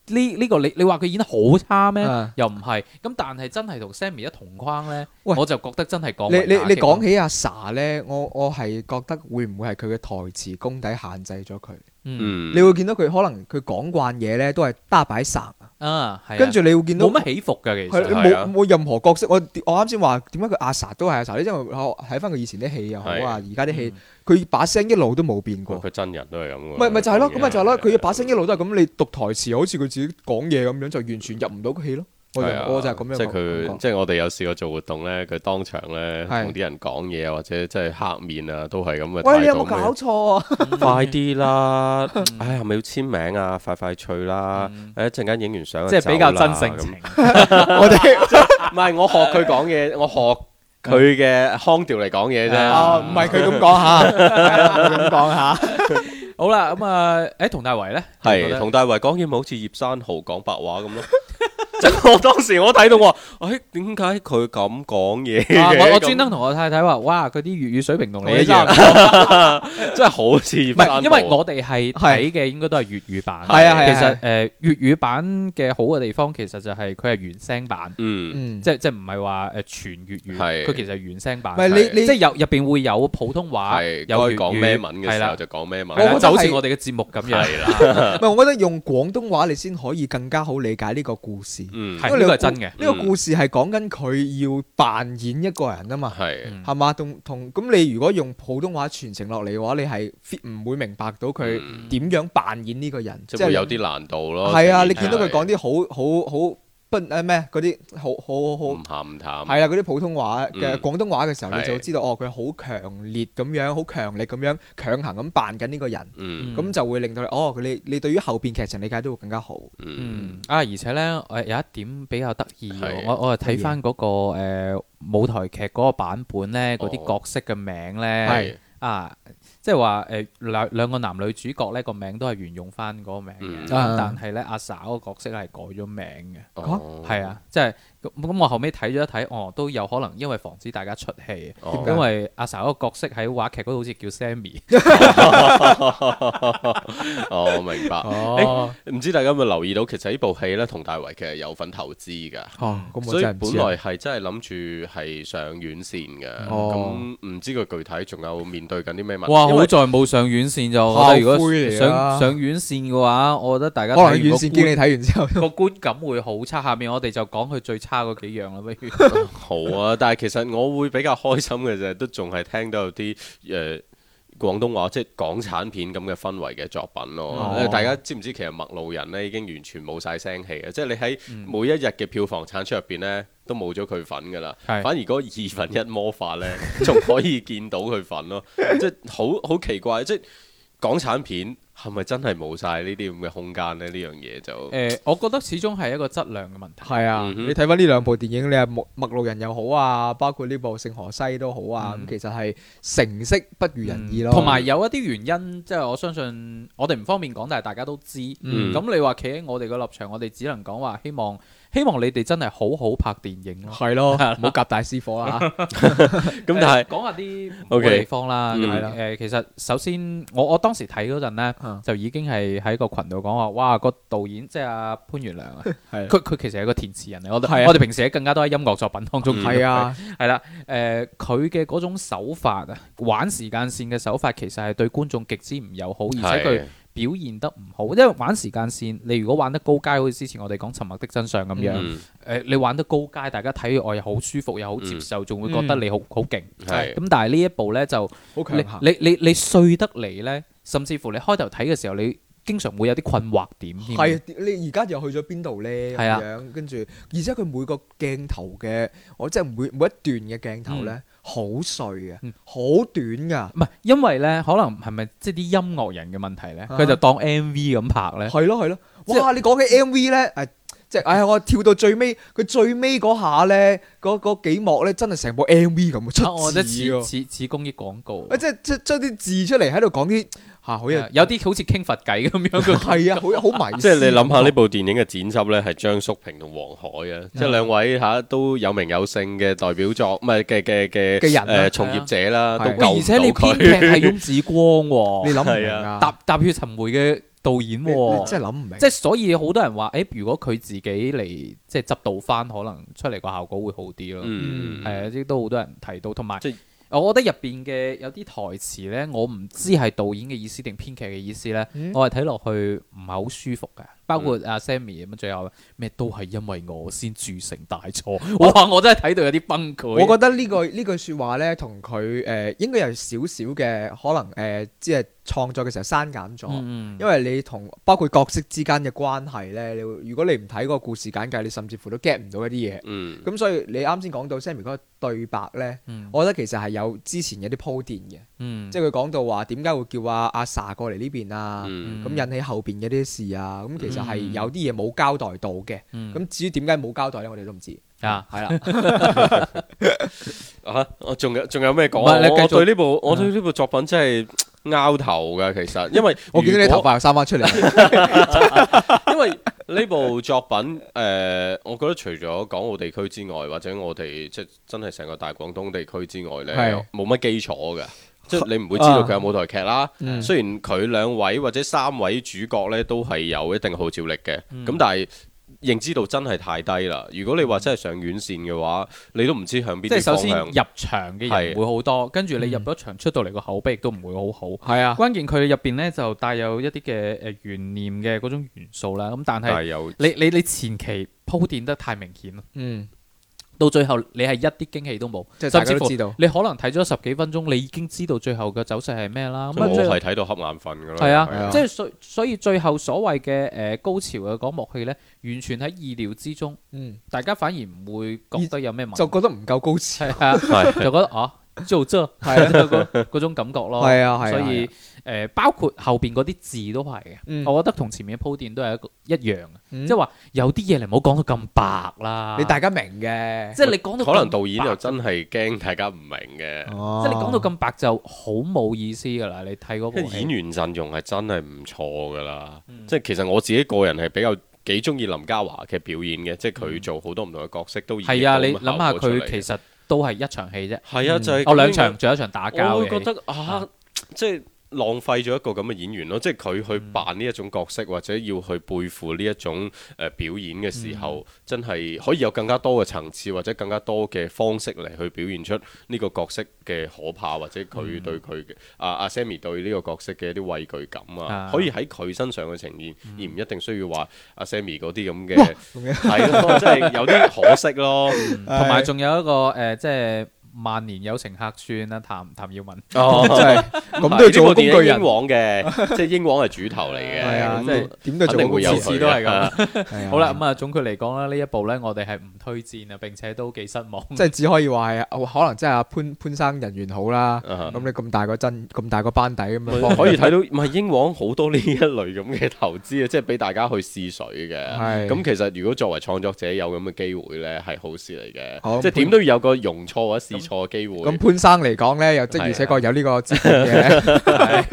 呢呢、這個你你話佢演得好差咩？嗯、又唔係咁，但係真係同 Sammy 一同框咧，喂我就覺得真係講你你你講起阿 Sa 咧、嗯，我我係覺得會唔會係佢嘅台詞功底限制咗佢？嗯，你會見到佢可能佢講慣嘢咧，都係打擺曬。啊，跟住、啊、你會見到冇乜起伏嘅，其實係冇冇任何角色。我我啱先話點解佢阿 sa 都係阿 sa？因為睇翻佢以前啲戲又好啊，而家啲戲佢把聲一路都冇變過。佢真人都係咁喎。咪咪就係、是、咯，咁咪就係、是、咯。佢、就是啊、把聲一路都係咁、啊，你讀台詞好似佢自己講嘢咁樣，就完全入唔到個戲咯。係就係咁樣。即係佢，即係我哋有試過做活動咧，佢當場咧同啲人講嘢，或者即係黑面啊，都係咁嘅。喂，你有冇搞錯？快啲啦！唉，係咪要簽名啊？快快脆啦！一陣間影完相即係比較真性情。我哋唔係我學佢講嘢，我學佢嘅腔調嚟講嘢啫。哦，唔係佢咁講下，咁講吓。好啦，咁啊，誒，佟大為咧，係佟大為講嘢，唔好似葉山豪講白話咁咯。即係我當時我睇到，我誒點解佢咁講嘢嘅？我我專登同我太太話，哇，佢啲粵語水平同你一樣，真係好似唔係，因為我哋係睇嘅應該都係粵語版，係啊係啊。其實誒粵語版嘅好嘅地方，其實就係佢係原聲版，即係即係唔係話誒全粵語，係佢其實係原聲版。唔係你你即係入入邊會有普通話，有講咩文嘅時候就講咩文，就好似我哋嘅節目咁樣啦。唔係，我覺得用廣東話你先可以更加好理解呢個故事。嗯，因為你係真嘅，呢、嗯、個故事係講緊佢要扮演一個人啊嘛，係，係、嗯、嘛，同同咁你如果用普通話傳承落嚟嘅話，你係唔會明白到佢點樣扮演呢個人，嗯、即係是有啲難度咯。係啊，你見到佢講啲好好好。不誒咩？嗰啲好好好好，唔鹹唔淡。係啦，嗰啲普通話嘅廣東話嘅時候，你就知道、嗯、哦，佢好強烈咁樣，好強力咁樣，強行咁扮緊呢個人，咁、嗯、就會令到你哦，你你對於後邊劇情理解都會更加好。嗯啊，而且呢，我、呃、有一點比較得意、哦的，我我睇翻嗰個的、呃、舞台劇嗰個版本呢，嗰啲角色嘅名呢、哦，啊～啊即係話誒，兩兩個男女主角咧個名都係沿用翻嗰個名嘅，嗯、但係咧、啊、阿 Sa 嗰個角色係改咗名嘅，哦？係啊，即係。咁我後尾睇咗一睇，哦都有可能因為防止大家出戲，因為阿 Sa 嗰個角色喺話劇嗰度好似叫 Sammy。哦，明白。唔知大家有冇留意到，其實呢部戲咧，佟大為其實有份投資㗎。所以本來係真係諗住係上院線㗎。咁唔知佢具體仲有面對緊啲咩？哇，好在冇上院線就，炮灰嚟㗎。如果上上院線嘅話，我覺得大家可能院線經你睇完之後，個觀感會好差。下面我哋就講佢最差。加嗰幾樣啦，不如。 *laughs* *laughs* 好啊，但係其實我會比較開心嘅就係，都仲係聽到有啲誒廣東話，即係港產片咁嘅氛圍嘅作品咯。哦、大家知唔知其實麥《麥路人》呢已經完全冇晒聲氣嘅，即係你喺每一日嘅票房產出入邊呢，都冇咗佢份噶啦。是反而嗰二分一魔法呢，仲 *laughs* 可以見到佢份咯。即係好好奇怪，即係港產片。係咪真係冇晒呢啲咁嘅空間呢？呢樣嘢就誒，我覺得始終係一個質量嘅問題。係啊，嗯、哼你睇翻呢兩部電影，你係麥麥路人又好啊，包括呢部《聖荷西》都好啊。咁、嗯、其實係成色不如人意咯。同埋，嗯、有，有一啲原因，即、就、係、是、我相信我哋唔方便講，但係大家都知。咁、嗯嗯、你話企喺我哋嘅立場，我哋只能講話希望。希望你哋真係好好拍電影咯，係咯的，唔好夾大師火啦咁但係是、 *laughs* 呃、講下啲地方啦，誒，其實首先我我當時睇嗰陣咧，嗯、就已經係喺個群度講話，哇，個導演即係阿、啊、潘元良啊，佢佢 *laughs* 的其實係個填詞人嚟，我的我哋平時喺更加多喺音樂作品當中係啊，係啦、嗯，誒，佢嘅嗰種手法玩時間線嘅手法，其實係對觀眾極之唔友好，而且佢。表現得唔好，因為玩時間線。你如果玩得高階，好似之前我哋講《沉默的真相》咁樣，誒、嗯呃，你玩得高階，大家睇完我又好舒服，又好接受，仲、嗯、會覺得你好好勁。係。咁的但係呢一步呢，就，強你你你，你睡得嚟呢，甚至乎你開頭睇嘅時候，你經常會有啲困惑點。係、嗯，你而家又去咗邊度呢？係啊的，跟住，而且佢每個鏡頭嘅，我即係每每一段嘅鏡頭呢。嗯好碎嘅，好短噶，唔係，因為咧，可能係咪即係啲音樂人嘅問題咧？佢、啊、就當 M V 咁拍咧，係咯係咯，哇！是你講起 M V 咧，誒是，即係，哎呀，我跳到最尾，佢最尾嗰下咧，嗰嗰幾幕咧，真係成部 M V 咁啊，出，我覺得似似似公益廣告，誒，即係出出啲字出嚟喺度講啲。嚇！佢有啲好似傾佛偈咁樣，係啊，好，好迷。即係你諗下呢部電影嘅剪輯咧，係張叔平同黃海啊，即係兩位嚇都有名有姓嘅代表作，唔係嘅嘅嘅嘅人誒，從業者啦。喂，而且你編劇係翁子光喎，你諗唔明啊？《踏踏血尋梅》嘅導演，即係諗唔明。即係所以好多人話，誒，如果佢自己嚟即係執導翻，可能出嚟個效果會好啲咯。嗯係啊，即係都好多人提到，同埋。我覺得入邊嘅有啲台詞咧，我唔知係導演嘅意思定編劇嘅意思咧，嗯、我係睇落去唔係好舒服嘅。包括阿 Sammy 咁最後咩都係因為我先鑄成大錯，哇！我真係睇到有啲崩潰。 *noise* 我覺得、這個這個、說話呢個呢句説話咧，同佢誒應該有少少嘅可能誒，即、呃、係創作嘅時候刪減咗。嗯、因為你同包括角色之間嘅關係咧，你如果你唔睇嗰個故事簡介，你甚至乎都 get 唔到一啲嘢。咁、嗯、所以你啱先講到 Sammy 嗰對白咧，嗯、我覺得其實係有之前有啲鋪墊嘅。嗯、即係佢講到話點解會叫阿阿 Sa 過嚟呢邊啊？咁、嗯嗯嗯、引起後邊嘅啲事啊，咁其就係有啲嘢冇交代到嘅，咁、嗯、至於點解冇交代呢？我哋都唔知。啊，係啦嚇，我仲有仲有咩講？我對呢部、嗯、我對呢部作品真係拗頭噶，其實因為我見到你頭髮又生翻出嚟， *laughs* *laughs* 因為呢部作品誒、呃，我覺得除咗港澳地區之外，或者我哋即係真係成個大廣東地區之外咧，冇乜的基礎嘅。即你唔會知道佢有舞台劇啦，啊嗯、雖然佢兩位或者三位主角呢都係有一定號召力嘅，咁、嗯、但係認知度真係太低啦。如果你話真係上院線嘅話，你都唔知向邊。即係首先入場嘅人唔會好多，是跟住你入咗場出到嚟，個口碑都唔會好好。係啊、嗯，關鍵佢入邊呢就帶有一啲嘅誒懸念嘅嗰種元素啦。咁但係你但有你你前期鋪墊得太明顯啦。嗯到最後你係一啲驚喜都冇，即都甚至乎你可能睇咗十幾分鐘，嗯、你已經知道最後嘅走勢係咩啦。咁以我係睇到瞌眼瞓㗎啦。係啊，是啊即係所以所以最後所謂嘅誒、呃、高潮嘅嗰幕戲呢，完全喺意料之中。嗯，大家反而唔會覺得有咩問題，就覺得唔夠高潮。啊、 *laughs* 就覺得哦。啊做啫，係啊，嗰種感覺咯，係啊，所以誒包括後邊嗰啲字都係嘅，我覺得同前面鋪墊都係一個一樣即係話有啲嘢你唔好講到咁白啦，你大家明嘅，即係你講到可能導演又真係驚大家唔明嘅，即係你講到咁白就好冇意思噶啦，你睇嗰個演員陣容係真係唔錯噶啦，即係其實我自己個人係比較幾中意林嘉華嘅表演嘅，即係佢做好多唔同嘅角色都係啊，你諗下佢其實。都係一場戲啫，係啊，就係、係、我、哦、兩場，仲因為 有一場打交嘅。我會覺得啊，嗯、即係。浪費咗一個咁嘅演員咯，即係佢去扮呢一種角色，嗯、或者要去背負呢一種誒表演嘅時候，嗯、真係可以有更加多嘅層次，或者更加多嘅方式嚟去表現出呢個角色嘅可怕，或者佢對佢嘅阿阿 Sammy 對呢個角色嘅一啲畏懼感啊，嗯、可以喺佢身上去呈現，嗯、而唔一定需要話阿 Sammy 嗰啲咁嘅，係咯，即係有啲可惜咯，同埋仲有一個誒即係。呃就是萬年友情客串啦，譚譚耀文哦，即係咁都要做工具人嘅，即係英皇係主頭嚟嘅，係啊，即係點都一定會有。次次都係咁。好啦，咁啊總括嚟講啦，呢一部咧我哋係唔推薦啊，並且都幾失望，即係只可以話可能即係阿潘潘生人緣好啦，咁你咁大個真咁大個班底咁樣，可以睇到唔係英皇好多呢一類咁嘅投資啊，即係俾大家去試水嘅。咁，其實如果作為創作者有咁嘅機會咧，係好事嚟嘅，即係點都要有個容錯或者試錯機會。咁潘生嚟講咧，又即而且確有呢個資源嘅。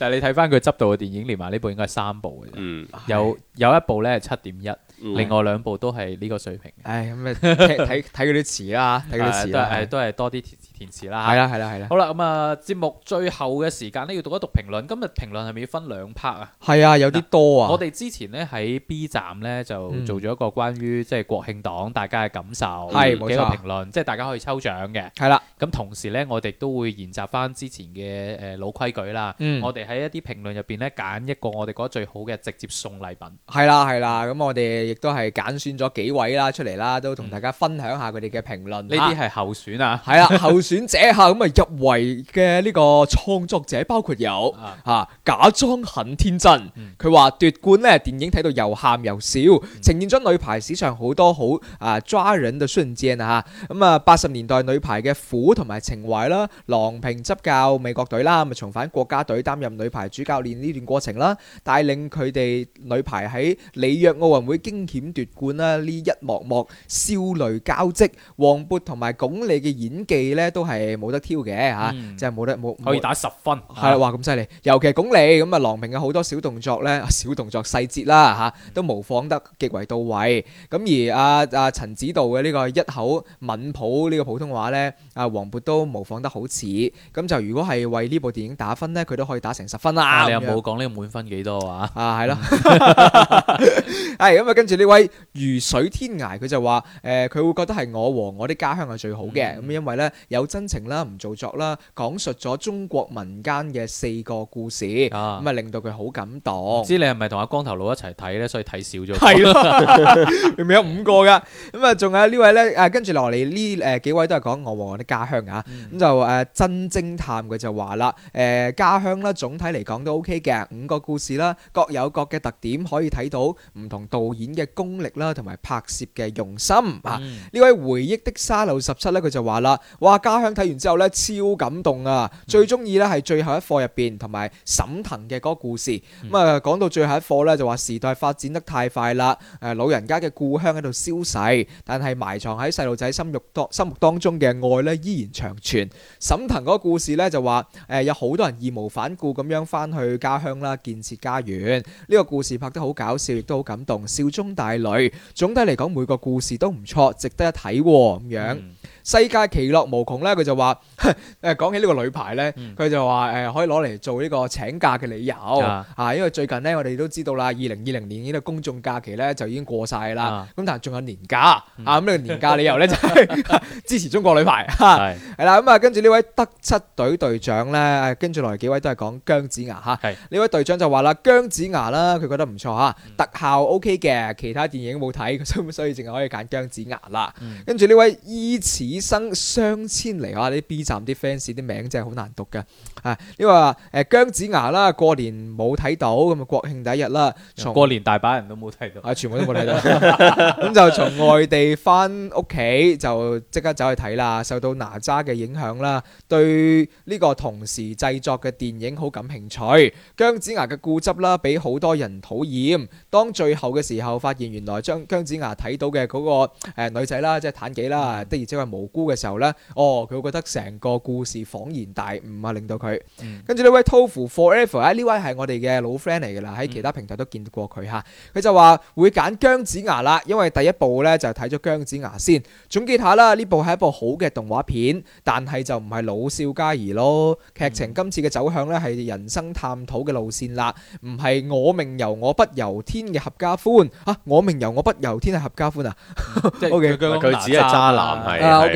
但係你睇翻佢執到嘅電影，連埋呢部應該係三部嘅。嗯，有有一部咧係七點一，另外兩部都係呢個水平。唉，咁啊睇睇嗰啲詞啦，睇嗰啲詞啦，都係多啲。填詞啦，係啦，係啦，係啦。好啦，咁、嗯、啊，節目最後嘅時間呢，要讀一讀評論。今日評論係咪要分兩 part 啊？係啊，有啲多啊。我哋之前呢，喺 B 站呢，就做咗一個關於即係國慶檔大家嘅感受，係冇錯評論，即係大家可以抽獎嘅。係啦。咁、嗯、同時呢，我哋都會研習翻之前嘅誒、呃、老規矩啦。嗯、我哋喺一啲評論入邊呢，揀一個我哋覺得最好嘅，直接送禮品。係啦，係啦。咁我哋亦都係揀選咗幾位啦出嚟啦，都同大家分享下佢哋嘅評論。呢啲係候選啊？係啊，選者嚇咁啊！入圍嘅呢個創作者包括有啊，假裝很天真。佢話、嗯、奪冠呢電影睇到又喊又笑，呈現咗女排史上好多好啊抓人嘅瞬間啊！咁啊，八、嗯、十年代女排嘅苦同埋情懷啦，郎平執教美國隊啦，咪重返國家隊擔任女排主教練呢段過程啦，帶領佢哋女排喺里約奧運會驚險奪冠啦！呢一幕幕笑淚交織，黃渤同埋鞏俐嘅演技呢。都係冇得挑嘅嚇，即係冇得冇可以打十分，係哇咁犀利！尤其鞏俐咁啊，郎平嘅好多小動作咧，小動作細節啦嚇，都模仿得極為到位。咁而啊啊，陳指導嘅呢個一口閩普呢個普通話咧，啊黃渤都模仿得好似。咁就如果係為呢部電影打分咧，佢都可以打成十分啦。你又冇講呢個滿分幾多哇？啊，係咯。係咁啊，跟住呢位如水天涯佢就話：誒，佢會覺得係我和我的家鄉係最好嘅。咁因為咧有。真情啦，唔做作啦，講述咗中國民間嘅四個故事，咁啊令到佢好感動。唔知你係咪同阿光頭佬一齊睇咧？所以睇少咗。係咯，明明有五個噶。咁啊，仲有呢位咧，誒跟住落嚟，呢誒幾位都係講我和我的家鄉嘅吓。咁就誒真偵探佢就話啦，誒家鄉啦，總體嚟講都 OK 嘅。五個故事啦，各有各嘅特點，可以睇到唔同導演嘅功力啦，同埋拍攝嘅用心啊。呢位回憶的沙漏十七咧，佢就話啦，話家。家鄉睇完之後呢，超感動啊！最中意呢係最後一課入邊同埋沈騰嘅嗰個故事。咁啊、嗯，講到最後一課呢，就話時代發展得太快啦。誒，老人家嘅故鄉喺度消逝，但係埋藏喺細路仔心欲當心目當中嘅愛呢，依然長存。沈騰嗰個故事呢，就話，誒、呃，有好多人義無反顧咁樣翻去家鄉啦，建設家園。呢個故事拍得好搞笑，亦都好感動，笑中帶淚。總體嚟講，每個故事都唔錯，值得一睇咁、啊、樣。嗯世界其樂無窮咧，佢就話誒講起呢個女排咧，佢、嗯、就話誒、呃、可以攞嚟做呢個請假嘅理由啊，嗯、因為最近咧我哋都知道啦，二零二零年呢個公眾假期咧就已經過晒啦，咁、嗯、但係仲有年假、嗯、啊，咁、這、呢個年假理由咧 *laughs* 就係、是、支持中國女排，係啦咁啊，跟住呢位德七隊隊長咧，跟住落嚟幾位都係講姜子牙嚇，呢是位隊長就話啦，姜子牙啦佢覺得唔錯嚇，特效 O K 嘅，其他電影都冇睇， *laughs* 所以淨係可以揀姜子牙啦，跟住呢位依此。以生相千嚟啊！啲 B 站啲 fans 啲名真係好難讀嘅啊！呢個姜子牙啦，過年冇睇到咁啊，國慶第一日啦，過年大把人都冇睇到，全部都冇睇到。咁 *laughs* *laughs* 就從外地翻屋企就即刻走去睇啦。受到哪吒嘅影響啦，對呢個同時製作嘅電影好感興趣。姜子牙嘅固執啦，俾好多人討厭。當最後嘅時候，發現原來將姜子牙睇到嘅嗰個女仔啦，即係妲己啦，的而且確冇。無嘅時候呢，哦， *music* 佢會覺得成個故事恍然大悟啊，令到佢。跟住呢位 Tofu Forever 啊，呢位係我哋嘅老 friend 嚟噶啦，喺其他平台都見過佢哈。佢、嗯、就話會揀姜子牙啦，因為第一部呢就睇咗姜子牙先。總結下啦，呢部係一部好嘅動畫片，但係就唔係老少皆宜咯。劇情今次嘅走向呢，係人生探討嘅路線啦，唔係我命由我不由天嘅合家歡啊！我命由我不由天嘅合家歡只啊？即係姜子牙渣男係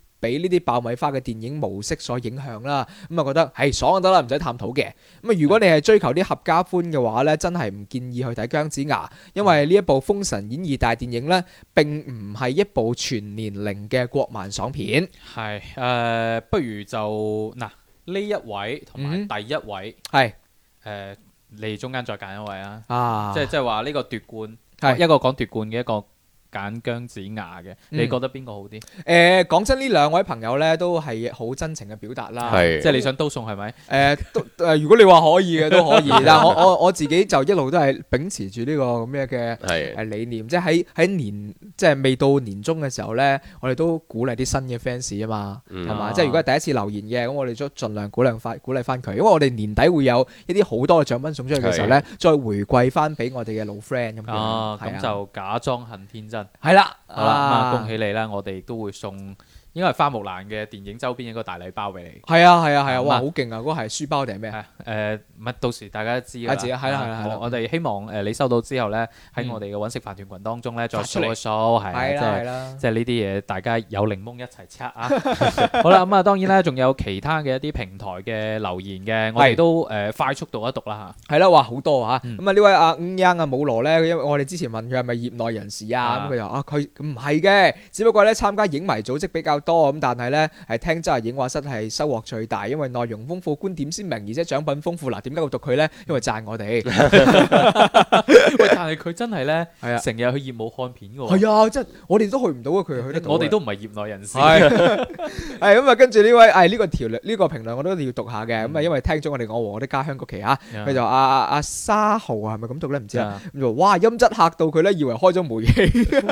俾呢啲爆米花嘅電影模式所影響啦，咁啊覺得係爽就得啦，唔使探討嘅。咁啊如果你係追求啲合家歡嘅話呢，真係唔建議去睇《姜子牙》，因為呢一部《封神演義》大電影呢，並唔係一部全年齡嘅國漫爽片。係，誒、呃，不如就嗱呢一位同埋第一位係誒你中間再揀一位啊，即係即係話呢個奪冠係是一個講奪冠嘅一個。揀姜子牙嘅，你覺得邊個好啲？誒，講真，呢兩位朋友咧都係好真情嘅表達啦。即係你想都送係咪？誒，如果你話可以嘅都可以，但我我我自己就一路都係秉持住呢個咩嘅理念，即係喺喺年即係未到年終嘅時候咧，我哋都鼓勵啲新嘅 fans 啊嘛，係嘛，即係如果係第一次留言嘅，咁我哋都盡量鼓勵翻鼓勵翻佢，因為我哋年底會有一啲好多嘅獎品送出去嘅時候咧，再回饋翻俾我哋嘅老 friend 咁就假裝很天真。.係啦，好啦了，咁啊、嗯，恭喜你啦！我哋都會送。應該係花木蘭嘅電影周邊一個大禮包俾你，係啊係啊係啊，哇好勁啊！嗰個係書包定係咩啊？誒，唔係，到時大家知啦。解字係啦係啦，我哋希望誒，你收到之後咧，喺我哋嘅揾食飯團群當中咧，再 check 一 check，係係即係呢啲嘢，大家有檸檬一齊 check 啊！好啦，咁啊，當然啦，仲有其他嘅一啲平台嘅留言嘅，我哋都誒快速讀一讀啦吓。係啦，哇好多吓，咁啊呢位阿五央啊，武羅咧，因為我哋之前問佢係咪業內人士啊，咁佢就啊佢唔係嘅，只不過咧參加影迷組織比較。多咁，但係咧係聽真係影畫室係收穫最大，因為內容豐富、觀點鮮明，而且獎品豐富。嗱，點解會讀佢咧？因為讚我哋。 *laughs* *laughs* 喂，但係佢真係咧，係啊，成日去業務看片嘅。係啊，即、啊、真，我哋都去唔到啊，佢去得。我哋都唔係業內人士。係。係咁啊，跟住呢位，係呢、哎這個條呢、這個評論，我都要讀一下嘅。咁啊，因為聽咗我哋講《我和我的家鄉國旗》啊、嗯，佢就啊，啊，阿沙豪是是啊，係咪咁讀咧？唔知啊，唔知。哇，音質吓到佢咧，以為開咗煤氣。唔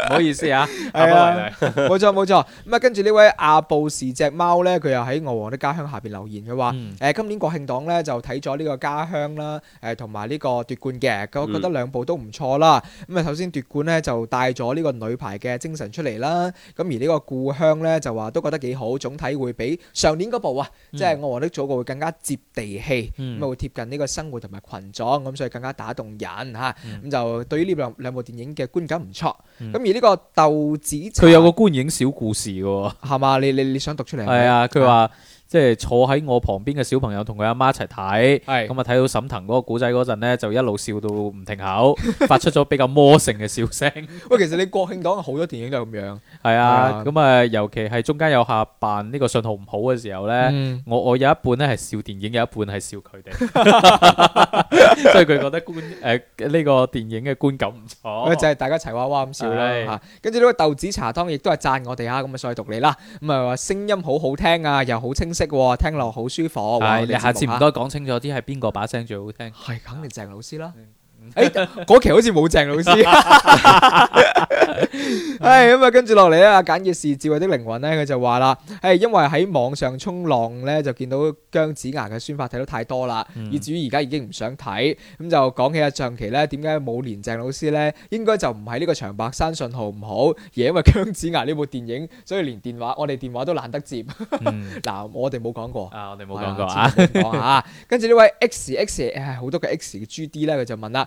*laughs* *laughs* 好意思啊，係啊，冇錯冇錯。咁啊，跟住呢位阿布士隻貓咧，佢又喺《我王的家鄉》下邊留言，佢話誒今年國慶檔咧就睇咗呢個家鄉啦，誒同埋呢個奪冠嘅，覺覺得兩部都唔錯啦。咁啊、嗯，首先奪冠咧就帶咗呢個女排嘅精神出嚟啦。咁而呢個故鄉咧就話都覺得幾好，總體會比上年嗰部啊，嗯、即係《我王的祖國》會更加接地氣，咁啊、嗯、會貼近呢個生活同埋群眾，咁所以更加打動人吓。咁、嗯嗯、就對於呢兩兩部電影嘅觀感唔錯，咁、嗯嗯、而呢個豆子，佢有個觀影小故事。係嘛？你你你想讀出嚟？係啊，佢話。即係坐喺我旁邊嘅小朋友同佢阿媽一齊睇，咁啊睇到沈騰嗰個古仔嗰陣咧，就一路笑到唔停口， *laughs* 發出咗比較魔性嘅笑聲 *laughs* 喂，其實你國慶檔好多電影都係咁樣，係的啊，咁啊、哦，尤其係中間有下扮呢個信號唔好嘅時候咧，我、嗯、我有一半咧係笑電影，有一半係笑佢哋， *laughs* *laughs* 所以佢覺得觀誒呢個電影嘅觀感唔錯。就係、是、大家齊哇哇咁笑啦的、啊，跟住呢個豆子茶湯亦都係讚我哋啊，咁啊再讀你啦，咁啊話聲音好好聽啊，又好清晰。識喎，聽落好舒服。係的，哇你下次唔該講清楚啲係邊個把聲最好聽。係的，肯定鄭老師啦。嗯。誒，嗰、欸、期好似冇鄭老師、 *laughs* 欸，係咁啊！嗯、跟住落嚟啊，簡潔是智慧的靈魂咧，佢就話啦，係、欸、因為喺網上衝浪咧，就見到姜子牙嘅宣發睇得太多啦，以至於而家已經唔想睇。咁就講起阿象期咧，點解冇連鄭老師咧？應該就唔係呢個長白山信號唔好，而係因為姜子牙呢部電影，所以連電話我哋電話都懶得接、 *laughs* 嗯。嗱，我哋冇講過、啊、我哋冇講過啊、哎，下 *laughs* 跟住呢位 X X，好、哎、多嘅 X 嘅 G D 咧，佢就問啦。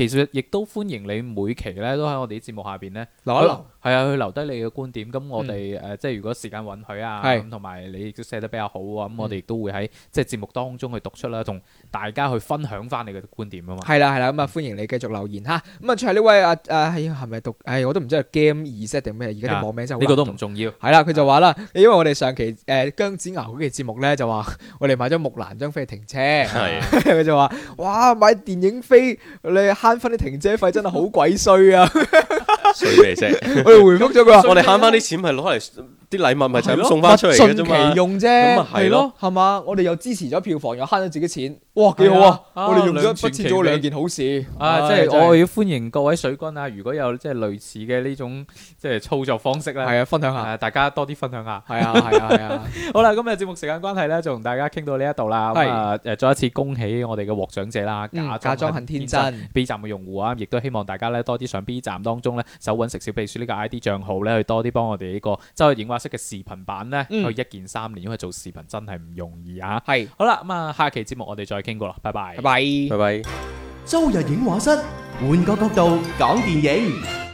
其實亦都歡迎你每期咧都喺我哋啲節目下邊咧留一留。係啊，佢留低你嘅觀點。咁我哋誒，即係如果時間允許啊，咁同埋你亦都寫得比較好啊。咁我哋亦都會喺即係節目當中去讀出啦，同大家去分享翻你嘅觀點啊嘛。係啦係啦，咁啊歡迎你繼續留言吓。咁啊，仲係呢位啊，啊係咪讀？唉、哎，我都唔知係 game 意思定咩？而家啲網名真係呢、這個都唔重要。係啦，佢就話啦，因為我哋上期誒姜子牙嗰期節目咧就話，我哋買咗木蘭張飛停車，佢就話哇買電影飛，你慳翻啲停車費真係好鬼衰啊！ *laughs* 水未識，我哋回覆咗佢。我哋慳翻啲錢，係攞嚟。啲禮物咪就咁送翻出嚟嘅啫嘛，咁咪係咯，係嘛？我哋又支持咗票房，又慳咗自己錢，哇幾好啊！我哋用咗不前做咗兩件好事啊！即係我要歡迎各位水軍啊！如果有即係類似嘅呢種即係操作方式咧，係啊，分享下，大家多啲分享下，係啊，係啊，係啊！好啦，今日節目時間關係咧，就同大家傾到呢一度啦。係再一次恭喜我哋嘅獲獎者啦！假裝很天真 B 站嘅用戶啊，亦都希望大家咧多啲上 B 站當中咧搜揾食小秘書呢個 I D 帳號咧，去多啲幫我哋呢個周顯色嘅視頻版咧，去一鍵三連，因為做視頻真係唔容易啊！係好啦，咁啊，下期節目我哋再傾過啦，拜拜，拜拜，拜拜。周日影畫室，換個角度講電影。